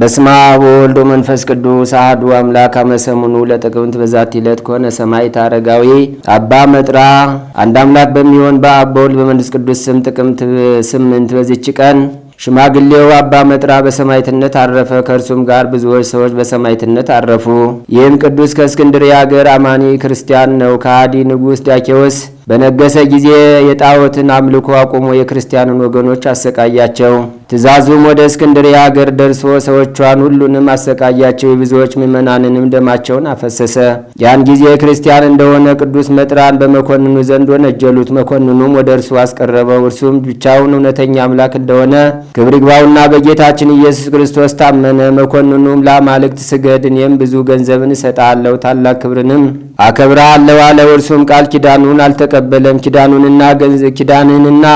በስማ ወወልድ መንፈስ ቅዱስ አህዱ አምላክ አመሰሙኑ ለጥቅምት በዛቲ ዕለት ከሆነ ሰማዕት አረጋዊ አባ መጥራ። አንድ አምላክ በሚሆን በአብ በወልድ በመንፈስ ቅዱስ ስም ጥቅምት ስምንት በዚች ቀን ሽማግሌው አባ መጥራ በሰማዕትነት አረፈ። ከእርሱም ጋር ብዙዎች ሰዎች በሰማዕትነት አረፉ። ይህም ቅዱስ ከእስክንድርያ አገር አማኒ ክርስቲያን ነው። ከሃዲ ንጉሥ ዳኬዎስ በነገሰ ጊዜ የጣዖትን አምልኮ አቁሞ የክርስቲያንን ወገኖች አሰቃያቸው። ትእዛዙም ወደ እስክንድርያ አገር ደርሶ ሰዎቿን ሁሉንም አሰቃያቸው። የብዙዎች ምዕመናንንም ደማቸውን አፈሰሰ። ያን ጊዜ ክርስቲያን እንደሆነ ቅዱስ መጥራን በመኮንኑ ዘንድ ወነጀሉት። መኮንኑም ወደ እርሱ አስቀረበው። እርሱም ብቻውን እውነተኛ አምላክ እንደሆነ ክብር ይግባውና በጌታችን ኢየሱስ ክርስቶስ ታመነ። መኮንኑም ለአማልክት ስገድ፣ እኔም ብዙ ገንዘብን እሰጣለሁ፣ ታላቅ ክብርንም አከብርሃለሁ አለው። እርሱም ቃል ኪዳኑን አልተቀበለም። ኪዳኑንና ኪዳንንና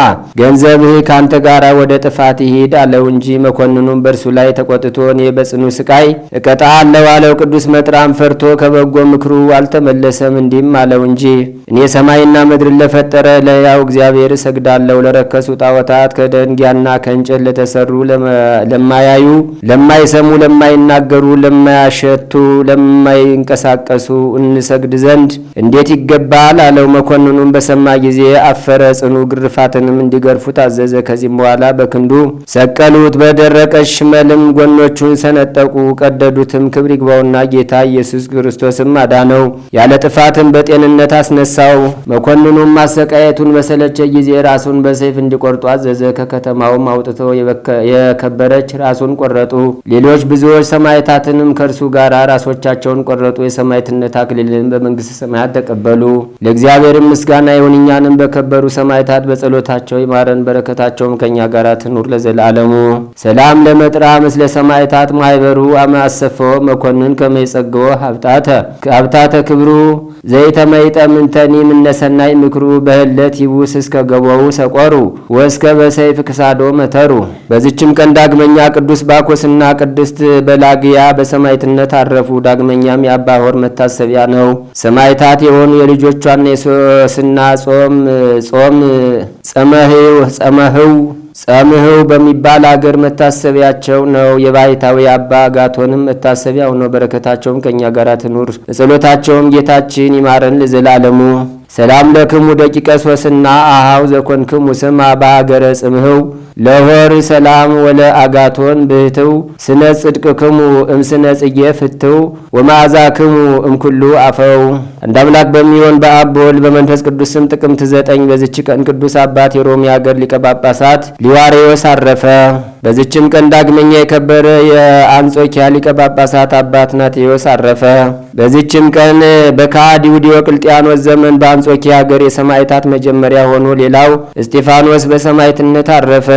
ገንዘብህ ካንተ ጋር ወደ ጥፋት ይሄ ሂድ አለው እንጂ። መኮንኑም በእርሱ ላይ ተቆጥቶ እኔ በጽኑ ስቃይ እቀጣ አለው አለው። ቅዱስ መጥራም ፈርቶ ከበጎ ምክሩ አልተመለሰም፣ እንዲህም አለው እንጂ እኔ ሰማይና ምድርን ለፈጠረ ለያው እግዚአብሔር እሰግዳለሁ። ለረከሱ ጣዖታት ከደንጊያና ከእንጨት ለተሰሩ ለማያዩ፣ ለማይሰሙ፣ ለማይናገሩ፣ ለማያሸቱ፣ ለማይንቀሳቀሱ እንሰግድ ዘንድ እንዴት ይገባል አለው። መኮንኑም በሰማ ጊዜ አፈረ፣ ጽኑ ግርፋትንም እንዲገርፉ ታዘዘ። ከዚህም በኋላ በክንዱ ሰቀሉት። በደረቀ ሽመልም ጎኖቹን ሰነጠቁ፣ ቀደዱትም። ክብር ይግባውና ጌታ ኢየሱስ ክርስቶስም አዳነው፣ ያለ ጥፋትም በጤንነት አስነሳው። መኮንኑም ማሰቃየቱን በሰለቸ ጊዜ ራሱን በሰይፍ እንዲቆርጡ አዘዘ። ከከተማውም አውጥተው የከበረች ራሱን ቆረጡ። ሌሎች ብዙዎች ሰማዕታትንም ከእርሱ ጋር ራሶቻቸውን ቆረጡ። የሰማዕትነት አክሊልን በመንግስት ሰማያት ተቀበሉ። ለእግዚአብሔርም ምስጋና ይሁን፣ እኛንም በከበሩ ሰማዕታት በጸሎታቸው ይማረን፣ በረከታቸውም ከእኛ ጋር ትኑር ለዘላ ለዓለሙ ሰላም ለመጥራ ምስለ ሰማይታት ማይበሩ አማሰፎ መኮንን ከመይጸግቦ ሀብታተ ሀብታተ ክብሩ ዘይተመይጠ ምንተኒ ምነሰናይ ምክሩ በህለት ይቡስ እስከ ገቦው ሰቆሩ ወእስከ በሰይፍ ክሳዶ መተሩ። በዚችም ቀን ዳግመኛ ቅዱስ ባኮስና ቅድስት በላግያ በሰማይትነት አረፉ። ዳግመኛም የአባ ሆር መታሰቢያ ነው። ሰማይታት የሆኑ የልጆቿና የሶስና ጾም ጾም ጸመህው ጸምህው በሚባል አገር መታሰቢያቸው ነው። የባሕታዊ አባ አጋቶንም መታሰቢያ ሆኖ በረከታቸውም ከእኛ ጋር ትኑር። በጸሎታቸውም ጌታችን ይማረን ለዘላለሙ። ሰላም ለክሙ ደቂቀ ሶስና አሃው ዘኮንክሙ ስማ በሀገረ ጽምህው ለሆር ሰላም ወለ አጋቶን ብህትው ስነ ጽድቅ ክሙ እምስነ ጽጌ ፍትው ወማዕዛ ክሙ እምኩሉ አፈው። እንደ አምላክ በሚሆን በአብ በወልድ በመንፈስ ቅዱስ ስም ጥቅምት ዘጠኝ በዝች ቀን ቅዱስ አባት የሮሚ አገር ሊቀ ጳጳሳት ሊዋሬዎስ አረፈ። በዝችም ቀን ዳግመኛ የከበረ የአንጾኪያ ሊቀ ጳጳሳት አባት ናቴዎስ አረፈ። በዚችም ቀን በካዲው ዲዮቅልጥያኖስ ዘመን በአንጾኪያ ሀገር የሰማዕታት መጀመሪያ ሆኖ ሌላው እስጢፋኖስ በሰማዕትነት አረፈ።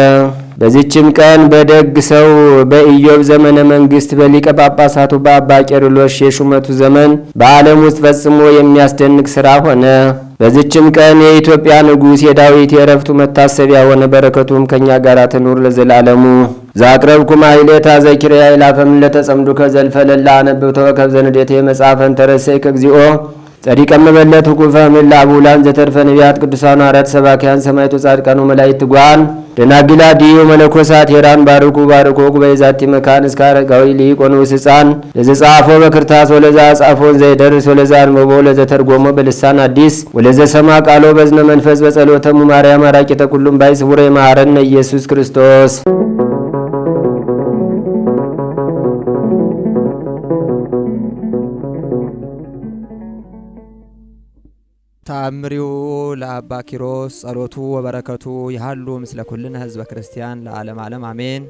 በዚችም ቀን በደግ ሰው በኢዮብ ዘመነ መንግስት በሊቀ ጳጳሳቱ በአባ ቄርሎስ የሹመቱ ዘመን በዓለም ውስጥ ፈጽሞ የሚያስደንቅ ሥራ ሆነ። በዚችም ቀን የኢትዮጵያ ንጉሥ የዳዊት የረፍቱ መታሰቢያ ሆነ። በረከቱም ከእኛ ጋር ትኑር ለዘላለሙ። ዛቅረብኩማ ይሌታ ዘኪርያ ይላፈም ለተጸምዱ ከዘልፈለላ አነብብ ተወከብ ዘንዴቴ መጽሐፈን ተረሰይ ከግዚኦ ጸዲቀ መበለት ሁቁፈ ምላቡላን ዘተርፈ ነቢያት ቅዱሳን አራት ሰባኪያን ሰማይቱ ጻድቃኑ መላይት ትጓን ደናግላ ዲዩ መለኮሳት ሄራን ባርኩ ባርኮ ጉባኤ ዛቲ መካን እስከ አረጋዊ ሊቆን ውስ ሕፃን ለዘጻፎ በክርታስ ወለዛ ጻፎን ዘይደርስ ወለዛ አንበቦ ለዘተርጎሞ በልሳን አዲስ ወለዘ ሰማ ቃሎ በዝነ መንፈስ በጸሎተሙ ማርያም አራቂ ተኩሉም ባይ ስቡረ የመሐረነ ኢየሱስ ክርስቶስ ተአምሪው ለአባ ኪሮስ ጸሎቱ ወበረከቱ ይሃሉ ምስለ ኩልነ ህዝበ ክርስቲያን ለዓለም ዓለም አሜን።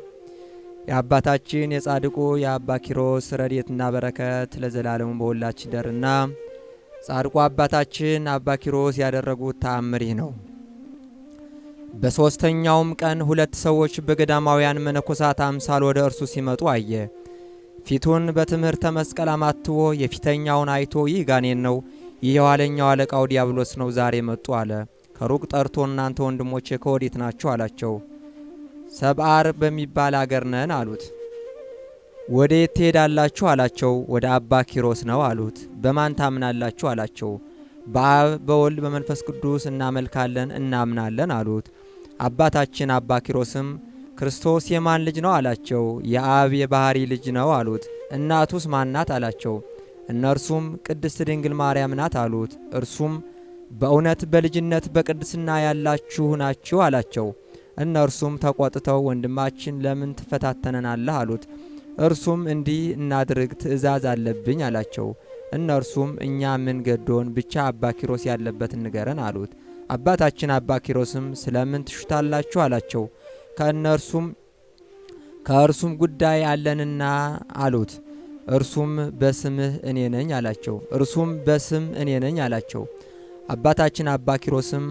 የአባታችን የጻድቁ የአባ ኪሮስ ረድኤትና በረከት ለዘላለሙ በሁላችን ደርና ጻድቁ አባታችን አባ ኪሮስ ያደረጉት ተአምር ነው። በሦስተኛውም ቀን ሁለት ሰዎች በገዳማውያን መነኮሳት አምሳል ወደ እርሱ ሲመጡ አየ። ፊቱን በትምህርተ መስቀል አማትቦ የፊተኛውን አይቶ ይህ ጋኔን ነው ይህ የኋለኛው አለቃው ዲያብሎስ ነው፣ ዛሬ መጡ አለ። ከሩቅ ጠርቶ እናንተ ወንድሞቼ ከወዴት ናችሁ አላቸው። ሰብአር በሚባል አገር ነን አሉት። ወዴት ትሄዳላችሁ አላቸው። ወደ አባ ኪሮስ ነው አሉት። በማን ታምናላችሁ አላቸው። በአብ በወልድ በመንፈስ ቅዱስ እናመልካለን እናምናለን አሉት። አባታችን አባ ኪሮስም ክርስቶስ የማን ልጅ ነው አላቸው። የአብ የባህሪ ልጅ ነው አሉት። እናቱስ ማናት አላቸው። እነርሱም ቅድስት ድንግል ማርያም ናት አሉት። እርሱም በእውነት በልጅነት በቅድስና ያላችሁ ናችሁ አላቸው። እነርሱም ተቆጥተው ወንድማችን ለምን ትፈታተነናለህ አሉት። እርሱም እንዲህ እናድርግ ትእዛዝ አለብኝ አላቸው። እነርሱም እኛ ምን ገዶን ብቻ አባ ኪሮስ ያለበትን ንገረን አሉት። አባታችን አባ ኪሮስም ስለምን ትሹታላችሁ አላቸው። ከእነርሱም ከእርሱም ጉዳይ አለንና አሉት። እርሱም በስምህ እኔ ነኝ አላቸው። እርሱም በስም እኔ ነኝ አላቸው። አባታችን አባ ኪሮስም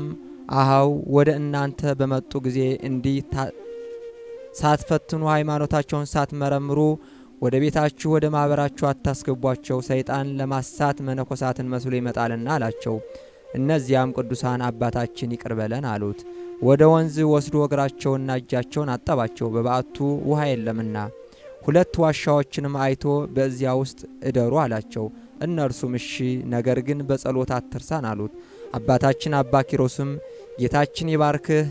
አሃው ወደ እናንተ በመጡ ጊዜ እንዲህ ሳትፈትኑ ሃይማኖታቸውን ሳትመረምሩ ወደ ቤታችሁ ወደ ማኅበራችሁ አታስገቧቸው፣ ሰይጣን ለማሳት መነኮሳትን መስሎ ይመጣልና አላቸው። እነዚያም ቅዱሳን አባታችን ይቅር በለን አሉት። ወደ ወንዝ ወስዶ እግራቸውና እጃቸውን አጠባቸው፣ በበዓቱ ውሃ የለምና። ሁለት ዋሻዎችንም አይቶ በዚያ ውስጥ እደሩ አላቸው። እነርሱም እሺ፣ ነገር ግን በጸሎት አትርሳን አሉት። አባታችን አባ ኪሮስም ጌታችን ይባርክህ፣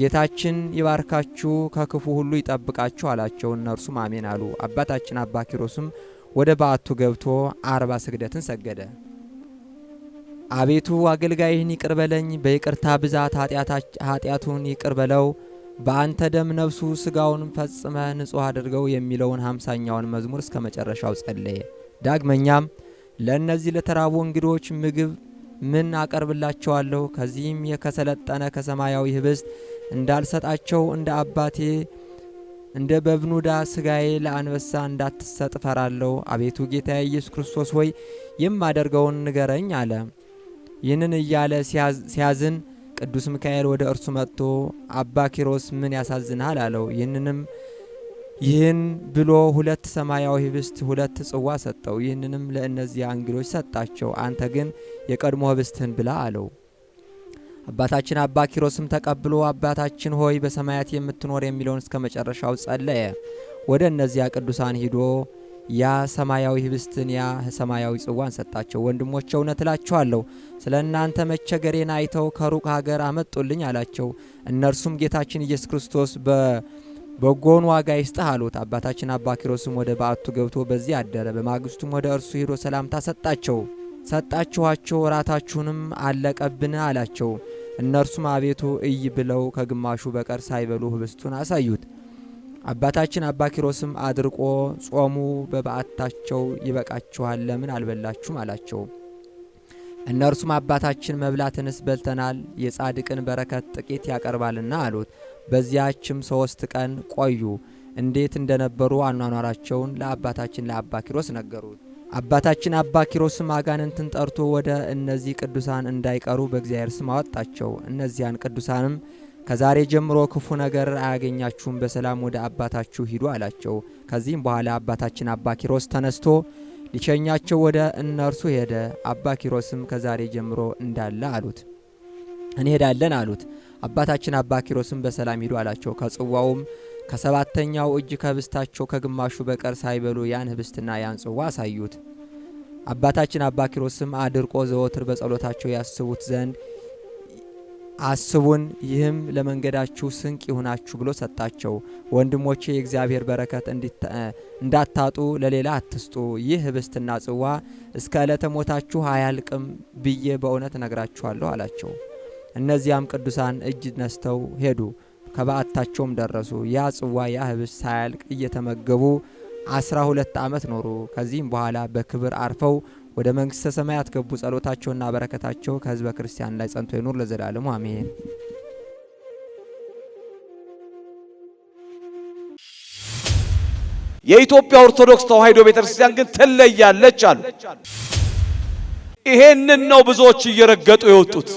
ጌታችን ይባርካችሁ፣ ከክፉ ሁሉ ይጠብቃችሁ አላቸው። እነርሱም አሜን አሉ። አባታችን አባ ኪሮስም ወደ በዓቱ ገብቶ አርባ ስግደትን ሰገደ። አቤቱ አገልጋይህን ይቅር በለኝ፣ በይቅርታ ብዛት ኃጢአቱን ይቅር በለው በአንተ ደም ነፍሱ ስጋውን ፈጽመ ንጹሕ አድርገው የሚለውን ሀምሳኛውን መዝሙር እስከ መጨረሻው ጸለየ። ዳግመኛም ለእነዚህ ለተራቡ እንግዶች ምግብ ምን አቀርብላቸዋለሁ? ከዚህም የከሰለጠነ ከሰማያዊ ህብስት እንዳልሰጣቸው እንደ አባቴ እንደ በብኑዳ ስጋዬ ለአንበሳ እንዳትሰጥ ፈራለሁ። አቤቱ ጌታ ኢየሱስ ክርስቶስ ሆይ የማደርገውን ንገረኝ አለ። ይህንን እያለ ሲያዝን ቅዱስ ሚካኤል ወደ እርሱ መጥቶ አባ ኪሮስ ምን ያሳዝናል አለው። ይህንንም ይህን ብሎ ሁለት ሰማያዊ ህብስት፣ ሁለት ጽዋ ሰጠው። ይህንንም ለእነዚያ አንግሎች ሰጣቸው። አንተ ግን የቀድሞ ህብስትህን ብላ አለው። አባታችን አባ ኪሮስም ተቀብሎ አባታችን ሆይ በሰማያት የምትኖር የሚለውን እስከ መጨረሻው ጸለየ። ወደ እነዚያ ቅዱሳን ሂዶ ያ ሰማያዊ ህብስትን ያ ሰማያዊ ጽዋን ሰጣቸው። ወንድሞች እውነት እላችኋለሁ ስለ እናንተ መቸገሬን አይተው ከሩቅ ሀገር አመጡልኝ አላቸው። እነርሱም ጌታችን ኢየሱስ ክርስቶስ በጎን ዋጋ ይስጥህ አሉት። አባታችን አባ ኪሮስም ወደ በዓቱ ገብቶ በዚህ አደረ። በማግስቱም ወደ እርሱ ሂዶ ሰላምታ ሰጣቸው ሰጣችኋቸው ራታችሁንም አለቀብን አላቸው። እነርሱም አቤቱ እይ ብለው ከግማሹ በቀር ሳይበሉ ህብስቱን አሳዩት። አባታችን አባ ኪሮስም አድርቆ ጾሙ በበዓታቸው ይበቃችኋል፣ ለምን አልበላችሁም አላቸው። እነርሱም አባታችን መብላትንስ በልተናል፣ የጻድቅን በረከት ጥቂት ያቀርባልና አሉት። በዚያችም ሶስት ቀን ቆዩ። እንዴት እንደነበሩ አኗኗራቸውን ለአባታችን ለአባ ኪሮስ ነገሩት። አባታችን አባ ኪሮስም አጋንንትን ጠርቶ ወደ እነዚህ ቅዱሳን እንዳይቀሩ በእግዚአብሔር ስም አወጣቸው። እነዚያን ቅዱሳንም ከዛሬ ጀምሮ ክፉ ነገር አያገኛችሁም፣ በሰላም ወደ አባታችሁ ሂዱ አላቸው። ከዚህም በኋላ አባታችን አባ ኪሮስ ተነስቶ ሊሸኛቸው ወደ እነርሱ ሄደ። አባ ኪሮስም ከዛሬ ጀምሮ እንዳለ አሉት፣ እንሄዳለን አሉት። አባታችን አባ ኪሮስም በሰላም ሂዱ አላቸው። ከጽዋውም ከሰባተኛው እጅ ከህብስታቸው ከግማሹ በቀር ሳይበሉ ያን ህብስትና ያን ጽዋ አሳዩት። አባታችን አባ ኪሮስም አድርቆ ዘወትር በጸሎታቸው ያስቡት ዘንድ አስቡን፣ ይህም ለመንገዳችሁ ስንቅ ይሁናችሁ ብሎ ሰጣቸው። ወንድሞቼ የእግዚአብሔር በረከት እንዳታጡ ለሌላ አትስጡ። ይህ ህብስትና ጽዋ እስከ ዕለተ ሞታችሁ አያልቅም ብዬ በእውነት ነግራችኋለሁ አላቸው። እነዚያም ቅዱሳን እጅ ነስተው ሄዱ፣ ከበዓታቸውም ደረሱ። ያ ጽዋ ያ ህብስት ሳያልቅ እየተመገቡ አስራ ሁለት ዓመት ኖሩ። ከዚህም በኋላ በክብር አርፈው ወደ መንግሥተ ሰማያት ገቡ። ጸሎታቸውና በረከታቸው ከሕዝበ ክርስቲያን ላይ ጸንቶ ይኑር ለዘላለሙ አሜን። የኢትዮጵያ ኦርቶዶክስ ተዋሕዶ ቤተክርስቲያን ግን ትለያለች አሉ። ይሄንን ነው ብዙዎች እየረገጡ የወጡት።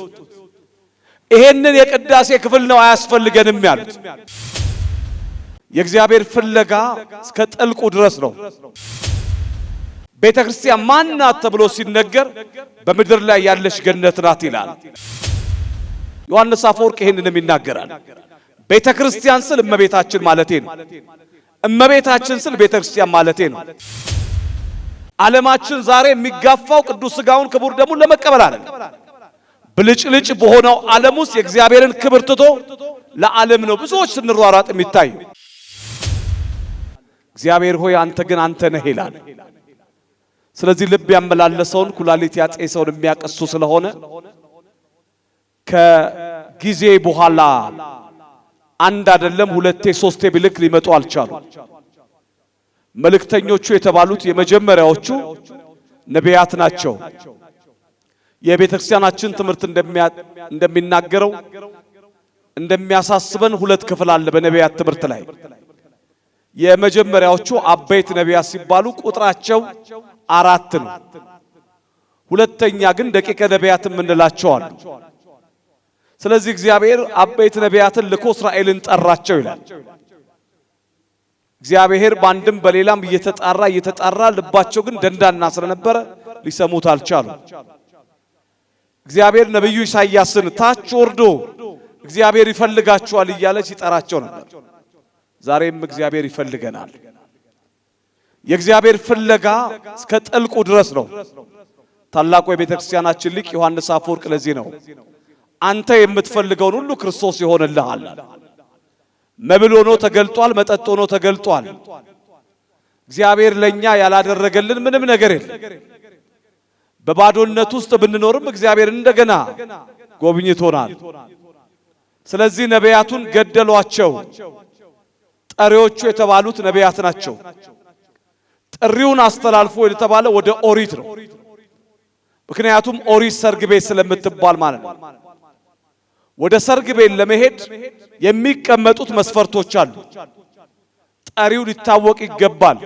ይሄንን የቅዳሴ ክፍል ነው አያስፈልገንም ያሉት። የእግዚአብሔር ፍለጋ እስከ ጥልቁ ድረስ ነው። ቤተ ክርስቲያን ማን ተብሎ ሲነገር በምድር ላይ ያለች ገነት ናት ይላል ዮሐንስ አፈወርቅ። ይህንንም ይናገራል። ቤተ ክርስቲያን ስል እመቤታችን ማለቴ ነው። እመቤታችን ስል ቤተ ክርስቲያን ማለቴ ነው። ዓለማችን ዛሬ የሚጋፋው ቅዱስ ሥጋውን ክቡር ደሙን ለመቀበል አለ። ብልጭልጭ በሆነው ዓለም ውስጥ የእግዚአብሔርን ክብር ትቶ ለዓለም ነው ብዙዎች ስንሯሯጥ የሚታይ። እግዚአብሔር ሆይ አንተ ግን አንተ ነህ ይላል ስለዚህ ልብ ያመላለሰውን ኩላሊት ያጤሰውን የሚያቀሱ ስለሆነ ከጊዜ በኋላ አንድ አይደለም ሁለቴ ሶስቴ ቢልክ ሊመጡ አልቻሉ። መልእክተኞቹ የተባሉት የመጀመሪያዎቹ ነቢያት ናቸው። የቤተ ክርስቲያናችን ትምህርት እንደሚናገረው እንደሚያሳስበን ሁለት ክፍል አለ። በነቢያት ትምህርት ላይ የመጀመሪያዎቹ አበይት ነቢያት ሲባሉ ቁጥራቸው አራት ነው። ሁለተኛ ግን ደቂቀ ነቢያት የምንላቸው አሉ። ስለዚህ እግዚአብሔር አበይት ነቢያትን ልኮ እስራኤልን ጠራቸው ይላል። እግዚአብሔር በአንድም በሌላም እየተጣራ እየተጣራ ልባቸው ግን ደንዳና ስለነበረ ሊሰሙት አልቻሉም። እግዚአብሔር ነቢዩ ኢሳይያስን ታች ወርዶ እግዚአብሔር ይፈልጋቸዋል እያለ ሲጠራቸው ነበር። ዛሬም እግዚአብሔር ይፈልገናል። የእግዚአብሔር ፍለጋ እስከ ጥልቁ ድረስ ነው። ታላቁ የቤተ ክርስቲያናችን ሊቅ ዮሐንስ አፈወርቅ ለዚህ ነው አንተ የምትፈልገውን ሁሉ ክርስቶስ ይሆንልሃል። መብል ሆኖ ተገልጧል፣ መጠጥ ሆኖ ተገልጧል። እግዚአብሔር ለኛ ያላደረገልን ምንም ነገር የለም። በባዶነት ውስጥ ብንኖርም እግዚአብሔር እንደገና ጎብኝቶናል። ስለዚህ ነቢያቱን ገደሏቸው። ጠሪዎቹ የተባሉት ነቢያት ናቸው። ጥሪውን አስተላልፎ የተባለ ወደ ኦሪት ነው። ምክንያቱም ኦሪት ሰርግ ቤት ስለምትባል ማለት ነው። ወደ ሰርግ ቤት ለመሄድ የሚቀመጡት መስፈርቶች አሉ። ጠሪው ሊታወቅ ይገባል።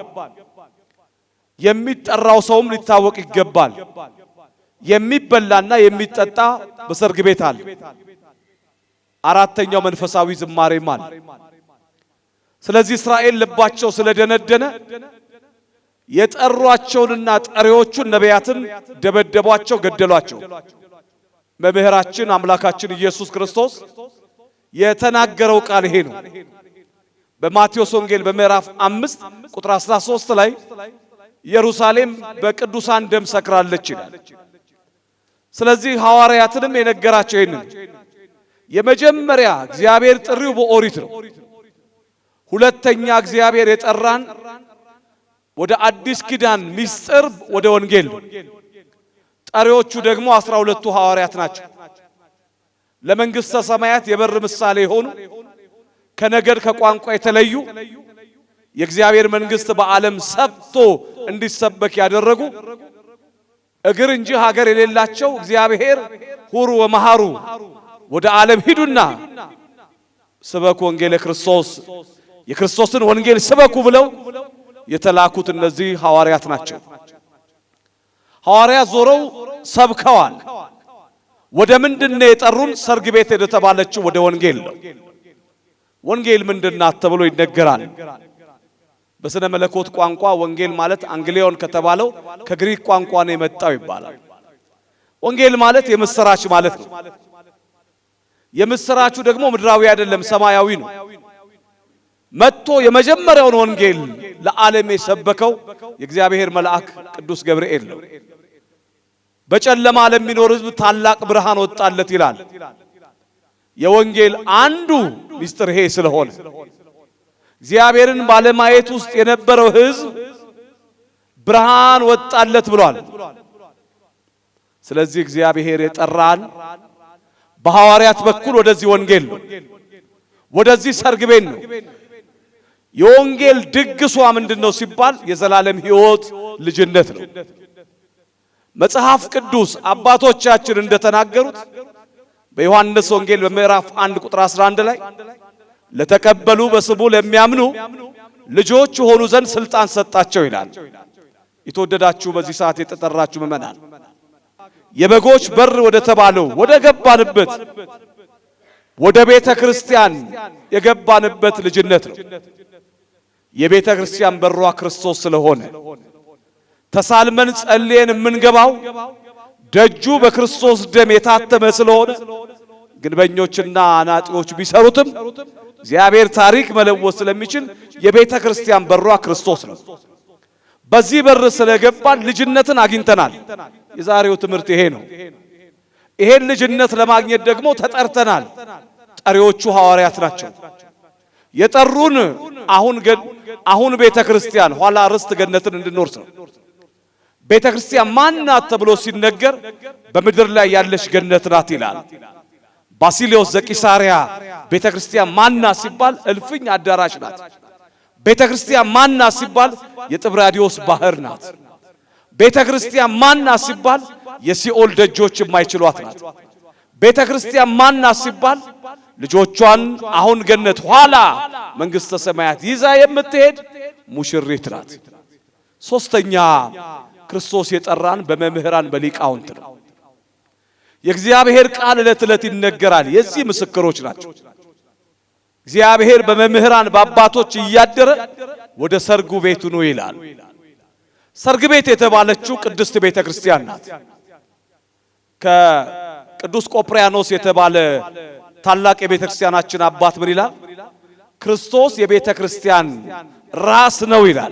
የሚጠራው ሰውም ሊታወቅ ይገባል። የሚበላና የሚጠጣ በሰርግ ቤት አለ። አራተኛው መንፈሳዊ ዝማሬም አለ። ስለዚህ እስራኤል ልባቸው ስለደነደነ የጠሯቸውንና ጠሪዎቹን ነቢያትን ደበደቧቸው፣ ገደሏቸው። መምህራችን አምላካችን ኢየሱስ ክርስቶስ የተናገረው ቃል ይሄ ነው። በማቴዎስ ወንጌል በምዕራፍ አምስት ቁጥር 13 ላይ ኢየሩሳሌም በቅዱሳን ደም ሰክራለች ይላል። ስለዚህ ሐዋርያትንም የነገራቸው ይህንን የመጀመሪያ እግዚአብሔር ጥሪው በኦሪት ነው። ሁለተኛ እግዚአብሔር የጠራን ወደ አዲስ ኪዳን ሚስጥር ወደ ወንጌል ጣሪዎቹ ጠሪዎቹ ደግሞ አስራ ሁለቱ ሐዋርያት ናቸው። ለመንግሥተ ሰማያት የበር ምሳሌ የሆኑ ከነገድ ከቋንቋ የተለዩ የእግዚአብሔር መንግሥት በዓለም ሰብቶ እንዲሰበክ ያደረጉ እግር እንጂ ሀገር የሌላቸው እግዚአብሔር ሁሩ ወመሃሩ ወደ ዓለም ሂዱና ስበኩ ወንጌለ ክርስቶስ የክርስቶስን ወንጌል ስበኩ ብለው የተላኩት እነዚህ ሐዋርያት ናቸው። ሐዋርያት ዞረው ሰብከዋል። ወደ ምንድነው የጠሩን? ሰርግ ቤት የተባለችው ወደ ወንጌል ነው። ወንጌል ምንድናት ተብሎ ይነገራል። በስነ መለኮት ቋንቋ ወንጌል ማለት አንግሊዮን ከተባለው ከግሪክ ቋንቋ ነው የመጣው ይባላል። ወንጌል ማለት የምስራች ማለት ነው። የምስራቹ ደግሞ ምድራዊ አይደለም፣ ሰማያዊ ነው። መጥቶ የመጀመሪያውን ወንጌል ለዓለም የሰበከው የእግዚአብሔር መልአክ ቅዱስ ገብርኤል ነው። በጨለማ ለሚኖር ሕዝብ ታላቅ ብርሃን ወጣለት ይላል። የወንጌል አንዱ ምስጢር ይሄ ስለሆነ እግዚአብሔርን ባለማየት ውስጥ የነበረው ሕዝብ ብርሃን ወጣለት ብሏል። ስለዚህ እግዚአብሔር የጠራን በሐዋርያት በኩል ወደዚህ ወንጌል ነው፣ ወደዚህ ሰርግ ቤት ነው። የወንጌል ድግሷ ምንድን ነው ሲባል የዘላለም ሕይወት ልጅነት ነው። መጽሐፍ ቅዱስ አባቶቻችን እንደተናገሩት በዮሐንስ ወንጌል በምዕራፍ 1 ቁጥር 11 ላይ ለተቀበሉ በስሙ ለሚያምኑ ልጆች የሆኑ ዘንድ ስልጣን ሰጣቸው ይላል። የተወደዳችሁ በዚህ ሰዓት የተጠራችሁ ምእመናን የበጎች በር ወደ ተባለው ወደ ገባንበት ወደ ቤተ ክርስቲያን የገባንበት ልጅነት ነው። የቤተ ክርስቲያን በሯ ክርስቶስ ስለሆነ ተሳልመን ጸልየን የምንገባው ደጁ በክርስቶስ ደም የታተመ ስለሆነ ግንበኞችና አናጢዎች ቢሰሩትም እግዚአብሔር ታሪክ መለወስ ስለሚችል የቤተ ክርስቲያን በሯ ክርስቶስ ነው። በዚህ በር ስለገባን ልጅነትን አግኝተናል። የዛሬው ትምህርት ይሄ ነው። ይሄን ልጅነት ለማግኘት ደግሞ ተጠርተናል። ጠሪዎቹ ሐዋርያት ናቸው። የጠሩን አሁን አሁን ቤተ ክርስቲያን ኋላ ርስት ገነትን እንድንወርስ ነው። ቤተ ክርስቲያን ማናት ተብሎ ሲነገር በምድር ላይ ያለች ገነት ናት ይላል። ባሲሌዎስ ዘቂሳሪያ ቤተ ክርስቲያን ማናት ሲባል እልፍኝ አዳራሽ ናት። ቤተ ክርስቲያን ማናት ሲባል የጥብራዲዎስ ባህር ናት። ቤተ ክርስቲያን ማናት ሲባል የሲኦል ደጆች የማይችሏት ናት። ቤተ ክርስቲያን ማናት ሲባል ልጆቿን አሁን ገነት ኋላ መንግሥተ ሰማያት ይዛ የምትሄድ ሙሽሪት ናት። ሶስተኛ ክርስቶስ የጠራን በመምህራን በሊቃውንት ነው። የእግዚአብሔር ቃል ዕለት ዕለት ይነገራል። የዚህ ምስክሮች ናቸው። እግዚአብሔር በመምህራን በአባቶች እያደረ ወደ ሰርጉ ቤቱ ነው ይላል። ሰርግ ቤት የተባለችው ቅድስት ቤተ ክርስቲያን ናት። ከቅዱስ ቆጵሪያኖስ የተባለ ታላቅ የቤተ ክርስቲያናችን አባት ምን ይላል? ክርስቶስ የቤተ ክርስቲያን ራስ ነው ይላል።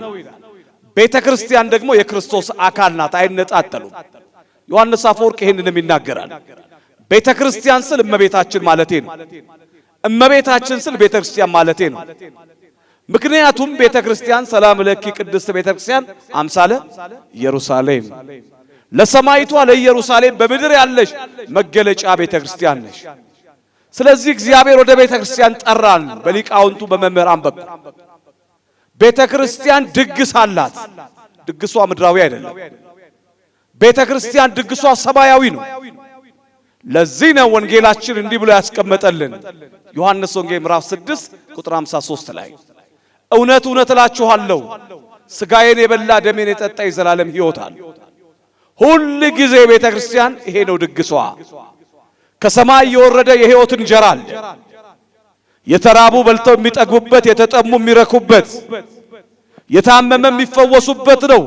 ቤተ ክርስቲያን ደግሞ የክርስቶስ አካል ናት፣ አይነጣጠሉም። ዮሐንስ አፈወርቅ ይህንንም ይናገራል። ቤተ ክርስቲያን ስል እመቤታችን ማለቴ ነው። እመቤታችን ስል ቤተ ክርስቲያን ማለቴ ነው። ምክንያቱም ቤተ ክርስቲያን ሰላም ለኪ ቅድስት ቤተ ክርስቲያን አምሳለ ኢየሩሳሌም ለሰማይቷ ለኢየሩሳሌም በምድር ያለሽ መገለጫ ቤተ ክርስቲያን ነሽ። ስለዚህ እግዚአብሔር ወደ ቤተ ክርስቲያን ጠራን። በሊቃውንቱ በመምህራን በኩል ቤተ ክርስቲያን ድግስ አላት። ድግሷ ምድራዊ አይደለም። ቤተ ክርስቲያን ድግሷ ሰማያዊ ነው። ለዚህ ነው ወንጌላችን እንዲህ ብሎ ያስቀመጠልን ዮሐንስ ወንጌል ምዕራፍ 6 ቁጥር 53 ላይ እውነት እውነት እላችኋለሁ ስጋዬን የበላ ደሜን የጠጣ የዘላለም ሕይወት አለ። ሁል ጊዜ ቤተ ክርስቲያን ይሄ ነው ድግሷ። ከሰማይ የወረደ የሕይወት እንጀራ አለ። የተራቡ በልተው የሚጠግቡበት፣ የተጠሙ የሚረኩበት፣ የታመመ የሚፈወሱበት ነው።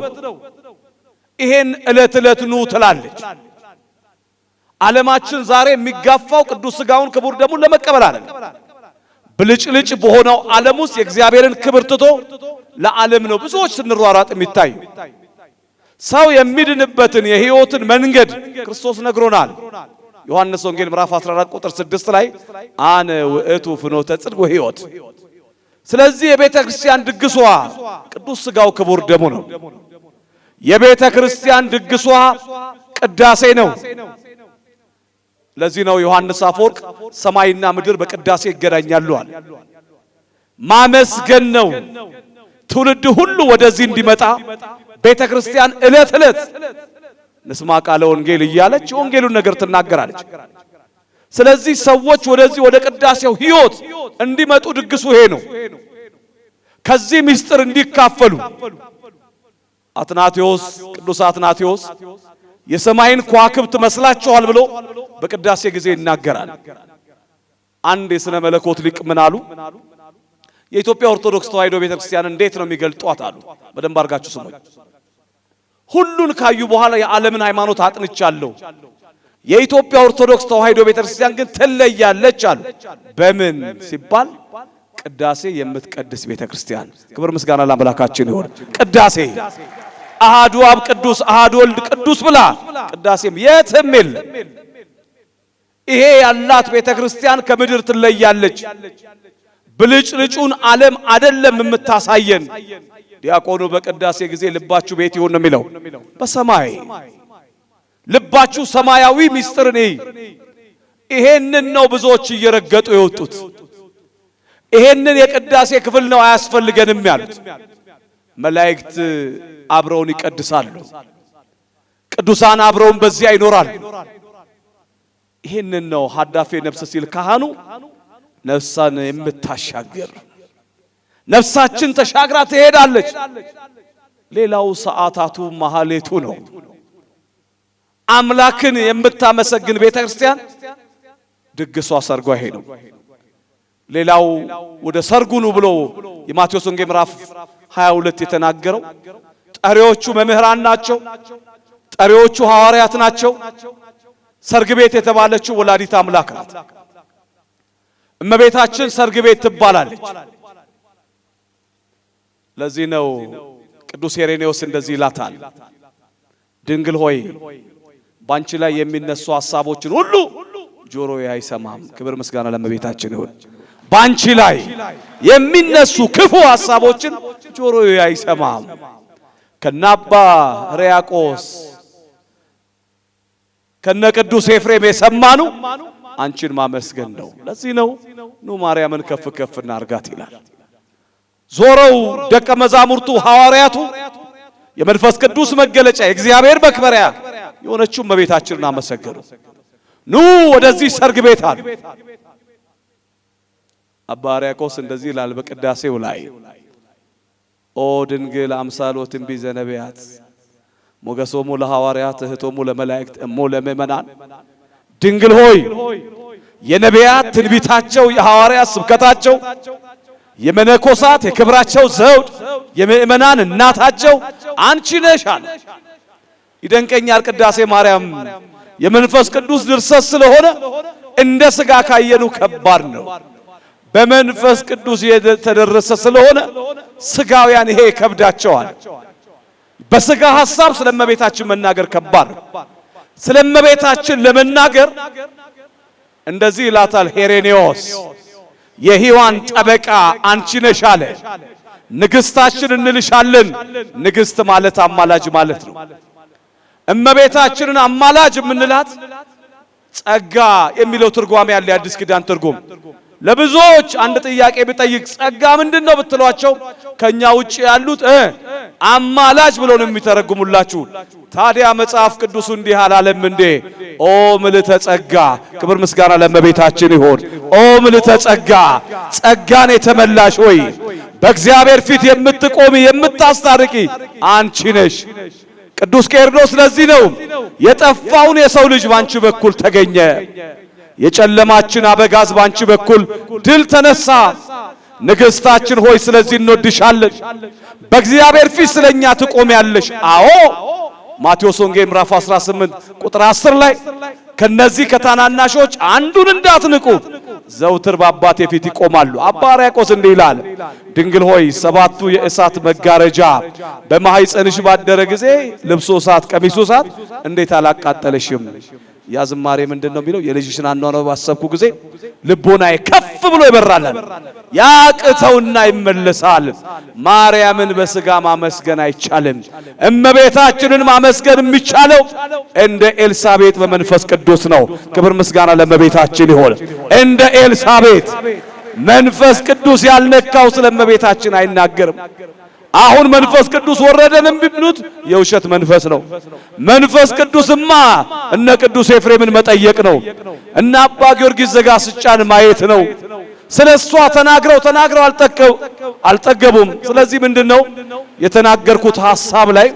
ይሄን ዕለት ዕለት ኑ ትላለች ዓለማችን። ዛሬ የሚጋፋው ቅዱስ ሥጋውን ክቡር ደሙን ለመቀበል አለ። ብልጭልጭ በሆነው ዓለም ውስጥ የእግዚአብሔርን ክብር ትቶ ለዓለም ነው ብዙዎች ስንሯሯጥ የሚታዩ። ሰው የሚድንበትን የሕይወትን መንገድ ክርስቶስ ነግሮናል። ዮሐንስ ወንጌል ምዕራፍ 14 ቁጥር 6 ላይ አነ ውእቱ ፍኖተ ጽድቅ ወሕይወት። ስለዚህ የቤተ ክርስቲያን ድግሷ ቅዱስ ሥጋው ክቡር ደሙ ነው። የቤተ ክርስቲያን ድግሷ ቅዳሴ ነው። ለዚህ ነው ዮሐንስ አፈወርቅ ሰማይና ምድር በቅዳሴ ይገናኛሉ አለ። ማመስገን ነው። ትውልድ ሁሉ ወደዚህ እንዲመጣ ቤተ ክርስቲያን ዕለት ዕለት ንስማ ቃለ ወንጌል እያለች ወንጌሉን ነገር ትናገራለች። ስለዚህ ሰዎች ወደዚህ ወደ ቅዳሴው ሕይወት እንዲመጡ ድግሱ ይሄ ነው። ከዚህ ምስጢር እንዲካፈሉ አትናቴዎስ ቅዱስ አትናቴዎስ የሰማይን ከዋክብት መስላችኋል ብሎ በቅዳሴ ጊዜ ይናገራል። አንድ የሥነ መለኮት ሊቅ ምን አሉ? የኢትዮጵያ ኦርቶዶክስ ተዋሕዶ ቤተክርስቲያን እንዴት ነው የሚገልጧት አሉ። በደንብ አድርጋችሁ ስሞች ሁሉን ካዩ በኋላ የዓለምን ሃይማኖት አጥንቻለሁ። የኢትዮጵያ ኦርቶዶክስ ተዋሕዶ ቤተክርስቲያን ግን ትለያለች አሉ። በምን ሲባል ቅዳሴ የምትቀድስ ቤተክርስቲያን። ክብር ምስጋና ለአምላካችን ይሁን። ቅዳሴ አሃዱ አብ ቅዱስ አሃዱ ወልድ ቅዱስ ብላ ቅዳሴም የትም የለ። ይሄ ያላት ቤተክርስቲያን ከምድር ትለያለች። ብልጭልጩን ዓለም አደለም የምታሳየን ዲያቆኑ በቅዳሴ ጊዜ ልባችሁ ቤት ይሁን ነው የሚለው። በሰማይ ልባችሁ ሰማያዊ ምስጢር ነው። ይሄንን ነው ብዙዎች እየረገጡ የወጡት። ይሄንን የቅዳሴ ክፍል ነው አያስፈልገንም ያሉት። መላእክት አብረውን ይቀድሳሉ፣ ቅዱሳን አብረውን በዚያ ይኖራሉ። ይህንን ነው ሀዳፌ ነፍስ ሲል ካህኑ ነፍሳን የምታሻገር ነፍሳችን ተሻግራ ትሄዳለች። ሌላው ሰዓታቱ መሐሌቱ ነው። አምላክን የምታመሰግን ቤተ ክርስቲያን ድግሷ ሰርጓ ይሄ ነው። ሌላው ወደ ሰርጉ ኑ ብሎ የማቴዎስ ወንጌል ምዕራፍ 22 የተናገረው ጠሪዎቹ መምህራን ናቸው። ጠሪዎቹ ሐዋርያት ናቸው። ሰርግ ቤት የተባለችው ወላዲት አምላክ ናት። እመቤታችን ሰርግ ቤት ትባላለች። ለዚህ ነው ቅዱስ ሄሬኔዎስ እንደዚህ ይላታል፣ ድንግል ሆይ ባንቺ ላይ የሚነሱ ሐሳቦችን ሁሉ ጆሮ አይሰማም። ክብር ምስጋና ለመቤታችን ይሁን። ባንቺ ላይ የሚነሱ ክፉ ሐሳቦችን ጆሮ አይሰማም። ከናባ ሪያቆስ ከነ ቅዱስ ኤፍሬም የሰማኑ አንቺን ማመስገን ነው። ለዚህ ነው ኑ ማርያምን ከፍ ከፍ እናርጋት ይላል። ዞረው ደቀ መዛሙርቱ ሐዋርያቱ የመንፈስ ቅዱስ መገለጫ የእግዚአብሔር መክበሪያ የሆነችውን እመቤታችንን አመሰገኑ። ኑ ወደዚህ ሰርግ ቤት አሉ። አባ ሕርያቆስ እንደዚህ ይላል በቅዳሴው ላይ ኦ ድንግል አምሳሎት እምቢ ዘነቢያት ሞገሶሙ ለሐዋርያት እህቶሙ ለመላእክት እሞ ለምእመናን ድንግል ሆይ የነቢያት ትንቢታቸው የሐዋርያት ስብከታቸው የመነኮሳት የክብራቸው ዘውድ የምእመናን እናታቸው አንቺ ነሽ አለ። ይደንቀኛል። ቅዳሴ ማርያም የመንፈስ ቅዱስ ድርሰት ስለሆነ እንደ ሥጋ ካየኑ ከባድ ነው። በመንፈስ ቅዱስ የተደረሰ ስለሆነ ሥጋውያን ይሄ ከብዳቸዋል። በሥጋ ሐሳብ ስለመቤታችን መናገር ከባድ ነው። ስለመቤታችን ለመናገር እንደዚህ ይላታል ሄሬኔዎስ የሔዋን ጠበቃ አንቺ ነሽ አለ። ንግሥታችን እንልሻለን። ንግሥት ማለት አማላጅ ማለት ነው። እመቤታችንን አማላጅ የምንላት ጸጋ የሚለው ትርጓሜ ያለ የአዲስ ኪዳን ትርጉም ለብዙዎች አንድ ጥያቄ ብጠይቅ ጸጋ ምንድን ነው ብትሏቸው ከኛ ውጭ ያሉት አማላጅ ብለው ነው የሚተረጉሙላችሁ። ታዲያ መጽሐፍ ቅዱሱ እንዲህ አላለም እንዴ? ኦ ምልዕተ ጸጋ፣ ክብር ምስጋና ለመቤታችን ይሆን። ኦ ምልዕተ ጸጋ፣ ጸጋን የተመላሽ ሆይ በእግዚአብሔር ፊት የምትቆሚ የምታስታርቂ አንቺ ነሽ። ቅዱስ ቄርሎስ ለዚህ ነው የጠፋውን የሰው ልጅ ባንቺ በኩል ተገኘ የጨለማችን አበጋዝ ባንቺ በኩል ድል ተነሳ። ንግሥታችን ሆይ ስለዚህ እንወድሻለን። በእግዚአብሔር ፊት ስለኛ ትቆሚያለሽ። አዎ ማቴዎስ ወንጌል ምዕራፍ 18 ቁጥር 10 ላይ ከነዚህ ከታናናሾች አንዱን እንዳትንቁ ዘውትር በአባቴ ፊት ይቆማሉ። አባ ሕርያቆስ እንዲህ ይላል፣ ድንግል ሆይ ሰባቱ የእሳት መጋረጃ በማኅፀንሽ ባደረ ጊዜ ልብሶ እሳት፣ ቀሚሱ እሳት እንዴት አላቃጠለሽም? ያ ዝማሬ ምንድን ነው የሚለው? የልጅሽን አኗኗር ባሰብኩ ጊዜ ልቦናዬ ከፍ ብሎ ይበራላል፣ ያቅተውና ይመለሳል። ማርያምን በስጋ ማመስገን አይቻልም። እመቤታችንን ማመስገን የሚቻለው እንደ ኤልሳቤጥ በመንፈስ ቅዱስ ነው። ክብር ምስጋና ለእመቤታችን ይሆን። እንደ ኤልሳቤጥ መንፈስ ቅዱስ ያልነካው ስለ እመቤታችን አይናገርም። አሁን መንፈስ ቅዱስ ወረደን ቢሉት የውሸት መንፈስ ነው። መንፈስ ቅዱስማ እነ ቅዱስ ኤፍሬምን መጠየቅ ነው፣ እነ አባ ጊዮርጊስ ዘጋስጫን ማየት ነው። ስለ እሷ ተናግረው ተናግረው አልጠገቡም። ስለዚህ ምንድነው የተናገርኩት ሐሳብ ላይ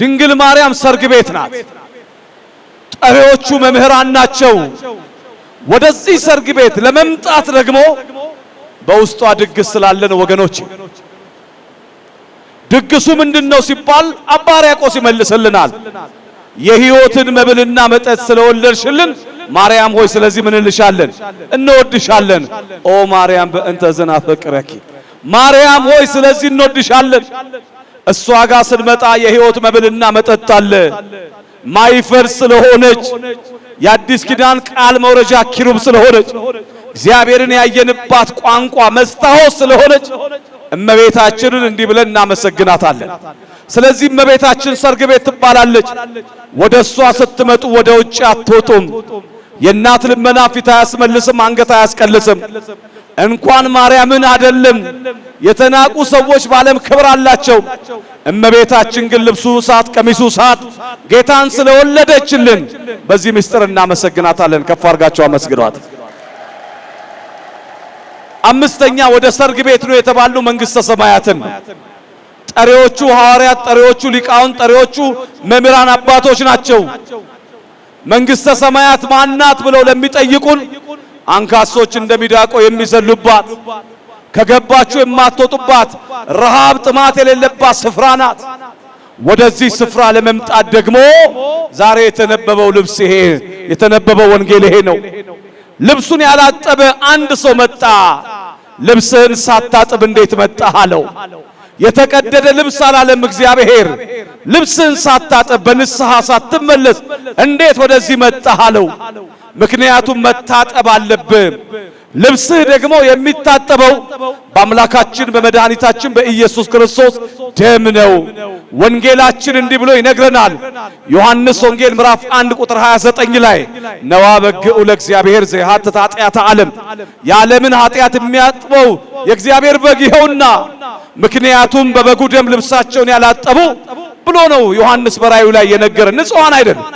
ድንግል ማርያም ሰርግ ቤት ናት። ጠሪዎቹ መምህራን ናቸው። ወደዚህ ሰርግ ቤት ለመምጣት ደግሞ በውስጧ ድግስ ስላለን ወገኖች ድግሱ ምንድን ነው ሲባል አባ ሕርያቆስ ይመልስልናል። የሕይወትን መብልና መጠጥ ስለወለድሽልን ማርያም ሆይ ስለዚህ ምንልሻለን እንወድሻለን። ኦ ማርያም በእንተ ዘናፈቅረኪ ማርያም ሆይ ስለዚህ እንወድሻለን። እሷ ጋር ስንመጣ የሕይወት መብልና መጠጥ አለ። ማይፈር ስለሆነች የአዲስ ኪዳን ቃል መውረጃ ኪሩብ ስለሆነች እግዚአብሔርን ያየንባት ቋንቋ መስታወት ስለሆነች እመቤታችንን እንዲህ ብለን እናመሰግናታለን። ስለዚህ እመቤታችን ሰርግ ቤት ትባላለች። ወደ እሷ ስትመጡ ወደ ውጭ አትወጡም። የእናት ልመና ፊት አያስመልስም፣ አንገት አያስቀልስም። እንኳን ማርያምን አይደለም የተናቁ ሰዎች በዓለም ክብር አላቸው። እመቤታችን ግን ልብሱ ሳት፣ ቀሚሱ ሳት፣ ጌታን ስለወለደችልን በዚህ ምስጢር እናመሰግናታለን። ከፍ አድርጋቸው አመስግኗት። አምስተኛ ወደ ሰርግ ቤት ነው የተባሉ መንግስተ ሰማያትን ጠሪዎቹ ሐዋርያት፣ ጠሪዎቹ ሊቃውን ጠሪዎቹ መምህራን አባቶች ናቸው። መንግስተ ሰማያት ማናት ብለው ለሚጠይቁን አንካሶች እንደሚዳቆ የሚዘሉባት ከገባችሁ የማትወጡባት ረሃብ፣ ጥማት የሌለባት ስፍራ ናት። ወደዚህ ስፍራ ለመምጣት ደግሞ ዛሬ የተነበበው ልብስ ይሄ የተነበበው ወንጌል ይሄ ነው። ልብሱን ያላጠበ አንድ ሰው መጣ። ልብስህን ሳታጥብ እንዴት መጣህ አለው። የተቀደደ ልብስ አላለም እግዚአብሔር። ልብስህን ሳታጥብ በንስሐ ሳትመለስ እንዴት ወደዚህ መጣህ አለው። ምክንያቱም መታጠብ አለብህ። ልብስህ ደግሞ የሚታጠበው በአምላካችን በመድኃኒታችን በኢየሱስ ክርስቶስ ደም ነው። ወንጌላችን እንዲህ ብሎ ይነግረናል። ዮሐንስ ወንጌል ምዕራፍ 1 ቁጥር 29 ላይ ነዋ በግዑ ለእግዚአብሔር ዘሐተተ ኃጢአተ ዓለም፣ የዓለምን ኃጢአት የሚያጥበው የእግዚአብሔር በግ ይኸውና፣ ምክንያቱም በበጉ ደም ልብሳቸውን ያላጠቡ ብሎ ነው ዮሐንስ በራዩ ላይ የነገረን። ንጹሐን አይደለም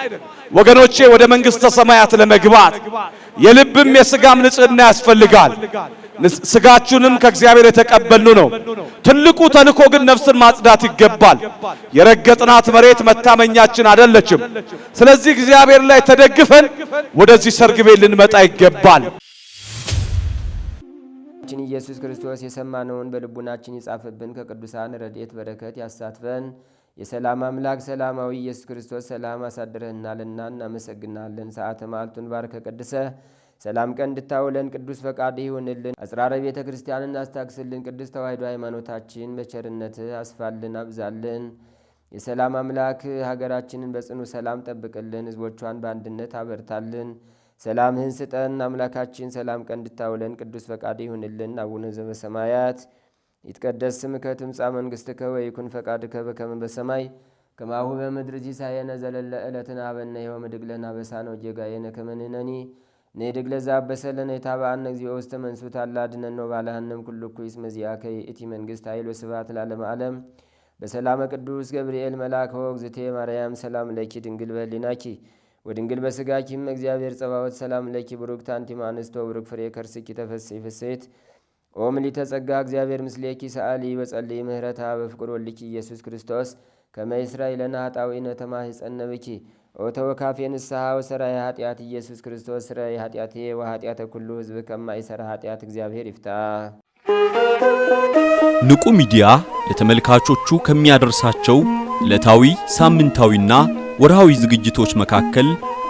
ወገኖቼ ወደ መንግሥተ ሰማያት ለመግባት የልብም የሥጋም ንጽህና ያስፈልጋል። ስጋችሁንም ከእግዚአብሔር የተቀበሉ ነው። ትልቁ ተልኮ ግን ነፍስን ማጽዳት ይገባል። የረገጥናት መሬት መታመኛችን አይደለችም። ስለዚህ እግዚአብሔር ላይ ተደግፈን ወደዚህ ሰርግ ቤት ልንመጣ ይገባል። ኢየሱስ ክርስቶስ የሰማነውን በልቡናችን ይጻፍብን፣ ከቅዱሳን ረድኤት በረከት ያሳትፈን። የሰላም አምላክ ሰላማዊ ኢየሱስ ክርስቶስ ሰላም አሳድረህናልና እናመሰግናለን። ሰዓተ ማልቱን ባርከ ቀድሰ ሰላም ቀን እንድታውለን ቅዱስ ፈቃድ ይሆንልን። አጽራረ ቤተ ክርስቲያንን አስታክስልን። ቅዱስ ተዋሕዶ ሃይማኖታችን በቸርነት አስፋልን፣ አብዛልን። የሰላም አምላክ ሀገራችንን በጽኑ ሰላም ጠብቅልን፣ ህዝቦቿን በአንድነት አበርታልን። ሰላምህን ስጠን አምላካችን። ሰላም ቀን እንድታውለን ቅዱስ ፈቃድ ይሁንልን። አቡነ ዘበሰማያት ይትቀደስ ስምከ ትምጻእ መንግሥትከ ወይኩን ፈቃድከ በከመ በሰማይ ከማሁ በምድር ሲሳየነ ዘለለ ዕለትነ ሀበነ ዮም ኅድግ ለነ አበሳነ ወጌጋየነ ከመ ንሕነኒ ንኅድግ ለዘአበሰ ለነ የታብአነ እግዚኦ ውስተ መንሱት አላ አድኅነነ ወባልሐነ እምኩሉ ኩይስ መዚአከ ይእቲ መንግሥት ኃይል ወስብሐት ለዓለመ ዓለም በሰላመ ቅዱስ ገብርኤል መልአክ ሆ እግዝእቴ ማርያም ሰላም ለኪ ድንግል በኅሊናኪ ወድንግል በስጋኪም እግዚአብሔር ጸባወት ሰላም ለኪ ብሩክት አንቲ እምአንስቶ ብሩክ ፍሬ ከርስኪ ተፈሥሒ ፍሥሕት ኦም ሊተጸጋ እግዚአብሔር ምስሌኪ ሰአሊ በጸልይ ምህረታ በፍቅር ወልኪ ኢየሱስ ክርስቶስ ከመይስራይ ለና ነተማ ተማህጸነበኪ ኦተወካፌ ንስሓ ወሰራይ ኃጢአት ኢየሱስ ክርስቶስ ስራይ ኃጢአቴ ወኃጢአተ ኩሉ ህዝብ ከማይሰራ ኃጢአት እግዚአብሔር ይፍታ። ንቁ ሚዲያ ለተመልካቾቹ ከሚያደርሳቸው ዕለታዊ ሳምንታዊና ወርሃዊ ዝግጅቶች መካከል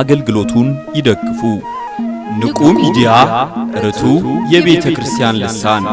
አገልግሎቱን ይደግፉ። ንቁ ሚዲያ ርቱ የቤተ ክርስቲያን ልሳን